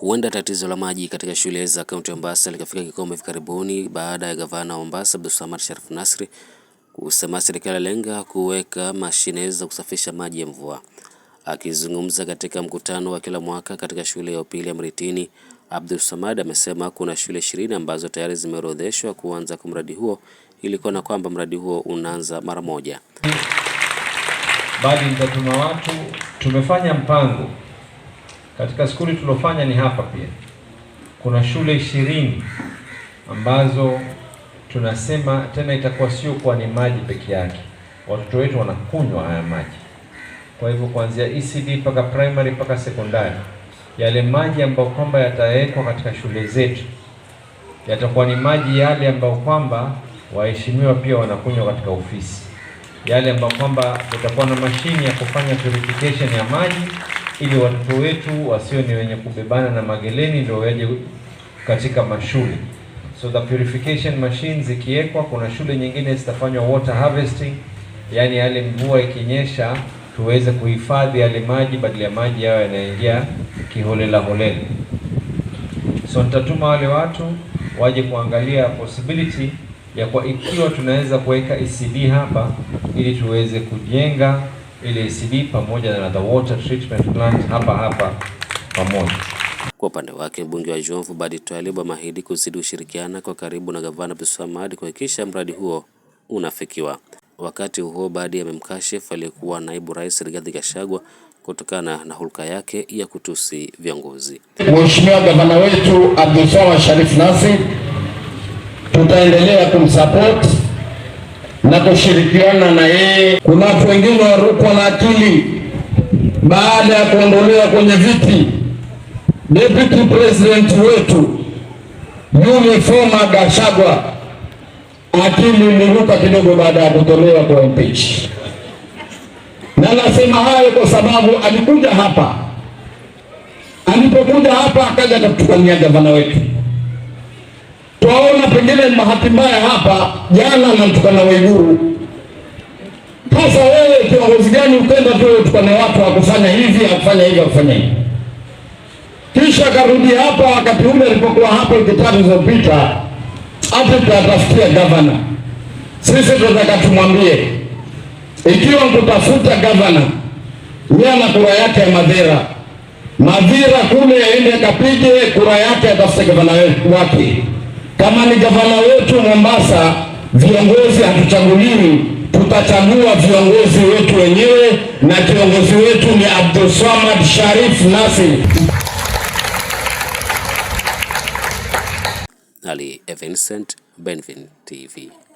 Huenda tatizo la maji katika shule za kaunti ya Mombasa likafika kikomo hivi karibuni baada ya gavana wa Mombasa Abdulsamad Sharif Nasri kusema serikali lenga kuweka mashine za kusafisha maji ya mvua. Akizungumza katika mkutano wa kila mwaka katika shule ya upili ya Mritini, samad amesema kuna shule ishirini ambazo tayari zimeorodheshwa kuanza kwa mradi huo ili kuona kwamba mradi huo unaanza mara moja. Bali nitatuma watu, tumefanya mpango katika skuli tuliofanya ni hapa pia, kuna shule ishirini ambazo tunasema tena itakuwa sio kuwa ni maji peke yake, watoto wetu wanakunywa haya maji. Kwa hivyo kuanzia ECD mpaka primary mpaka sekondari, yale maji ambayo kwamba yatawekwa katika shule zetu yatakuwa ni maji yale ambayo kwamba waheshimiwa pia wanakunywa katika ofisi, yale ambayo kwamba kutakuwa na mashini ya kufanya verification ya maji ili watoto wetu wasio ni wenye kubebana na mageleni ndio waje katika mashule. So the purification machines zikiwekwa, kuna shule nyingine zitafanywa water harvesting, yaani yale mvua ikinyesha tuweze kuhifadhi yale maji badala ya maji yao yanaingia kiholela holela. So nitatuma wale watu waje kuangalia possibility ya kwa ikiwa tunaweza kuweka ECD hapa ili tuweze kujenga ACB pamoja na the water treatment plant hapa hapa pamoja. Kwa upande wake mbunge wa Jomvu Badi Twalib ameahidi kuzidi ushirikiana kwa karibu na gavana Abdulswamad hadi kuhakikisha mradi huo unafikiwa. Wakati huo Badi amemkashifu aliyekuwa naibu rais Rigathi Gachagua kutokana na hulka yake ya kutusi viongozi. Mheshimiwa gavana wetu Abdulswamad Sharif Nassir tutaendelea kumsupport na kushirikiana na yeye. watu wengine warukwa na akili baada ya kuondolewa kwenye viti. Deputy President wetu yule former Gashagwa akili iliruka kidogo baada ya kutolewa kwa impeach, na nasema hayo kwa sababu alikuja hapa, alipokuja hapa akaja akatukania gavana wetu pengine bahati mbaya hapa jana anamtukana Waiguru. Sasa wewe kiongozi gani ukenda tu utukane watu akufanya hivi akufanya hivi akufanya hivi, kisha akarudi hapa wakati ume alipokuwa hapo wiki tatu zilizopita, hata tutatafutia gavana sisi, tunataka tumwambie ikiwa mkutafuta gavana, yeye ana kura yake ya madhira madhira kule, aende akapige kura yake, atafute gavana wake. Kama ni gavana wetu Mombasa, viongozi hatuchaguliwi, tutachagua viongozi wetu wenyewe, na kiongozi wetu ni Abdulswamad Sharif Nasir. Ali Vincent, Benvin TV.